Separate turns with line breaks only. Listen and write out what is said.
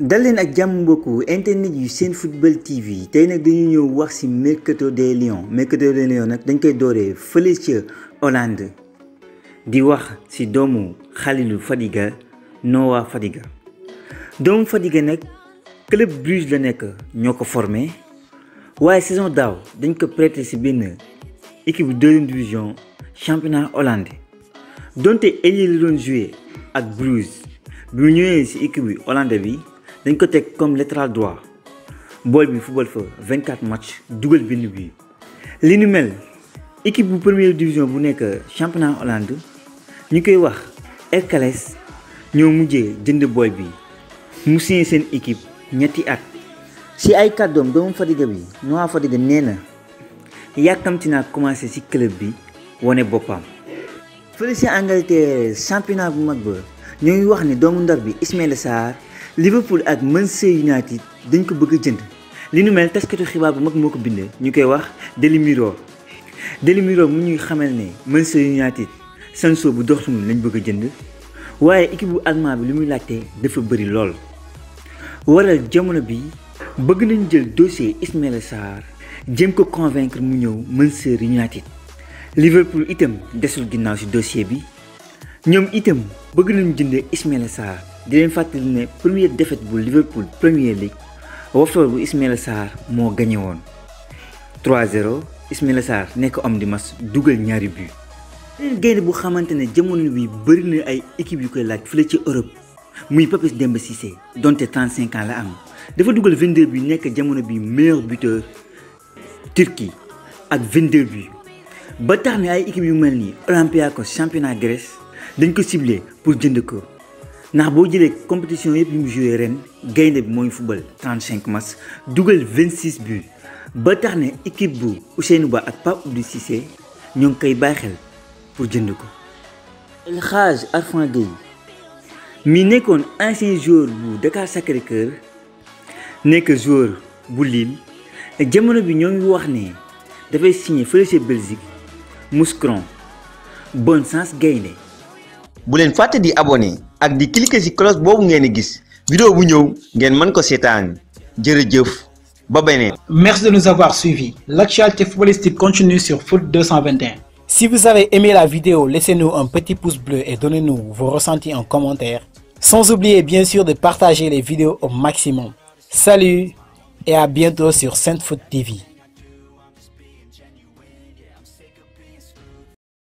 dal leen ak jàmm internet yu seen football TV tey nag dañu ñëw wax ci mercato des lions mercato des lions nag dañ koy dooree fële ca Hollande di wax ci doomu Khalilou Fadiga Noah Fadiga doomu Fadiga nag club Bruges la nekk ñoo ko formé waaye saison daaw dañ ko prêté ci benn équipe deuxième division championnat Hollande donte ailier la doon joué ak Bruges bu ñëwee ci équipe bi Hollande bi dañ ko teg comme latéral droit booy bi football fa 24 match dugal benn bi li ni mel équipe bu première division bu nekk championnat Hollande ñu koy wax Heracles ñoo mujjee jënd booy bi mu signé seen équipe ñetti at si ay kàddoom doomu Fadiga bi Noah Fadiga nee na yàkkamti naa commencé ci club bi wane boppam fële si championnat bu mag ba ñoo ngi wax ni doomu Ndar bi Ismaïla Sarr Liverpool ak Manchester United dañ ko bëgg jënd li nu mel taskatu xibaar bu mag moo ko bindee ñu koy wax Daily Mirror Daily Mirror mu ñuy xamal ne Manchester United Sancho bu Dortmund lañu bëgg a jënd waaye équipe bu bi li muy laajte dafa bëri lool waral jamono bi bëgg nañ jël dossier Ismaïla Sarr jéem ko convaincre mu ñëw Manchester United Liverpool itam desul ginnaaw ci dossier bi ñoom itam bëgg nañu jëndee Ismaïla Sarr di leen fàttali ne première défaite bu Liverpool Premier League Watford bu Ismaila Sarr moo gañe woon 3-0 Ismaila Sarr nekk homme di match dugal ñaari but. beneen gaynde bu xamante ne jamono bi bëri na ay équipe yu koy laaj fële ci Europe muy Papis demb Cissé donte 35 ans la am dafa dugal 22 bi nekk jamono bi meilleur buteur Turquie ak 22 bi ba tax ne ay équipe yu mel ni Olympiakos championnat Grèce dañ ko ciblé pour jënd ko ndax boo jëlee compétition yëpp yu mu joué ren gaynde bi mooy football 35 matchs, dugal 26 but ba tax ne équipe bu Ousseynou Ba ak Pape Oudou Cissé ñoo ngi koy bàyyi xel pour jënd ko. El Hadj Arfan Gueye mi nekkoon ancien joueur bu Dakar Sacré-Cœur nekk joueur bu Lille jamono bi ñoo ngi wax ne dafay signé fële ca Belgique Mouscron bon sens gaynde boulen leen di abonné ak di cliquer ci cloche bobu ngeen gis vidéo bu ñew ngén man ko jërëjëf ba
Merci de nous avoir suivis. L'actualité footballistique continue sur Foot 221. Si vous avez aimé la vidéo, laissez-nous un petit pouce bleu et donnez-nous vos ressentis en commentaire. Sans oublier bien sûr de partager les vidéos au maximum. Salut et à bientôt sur Sainte Foot TV.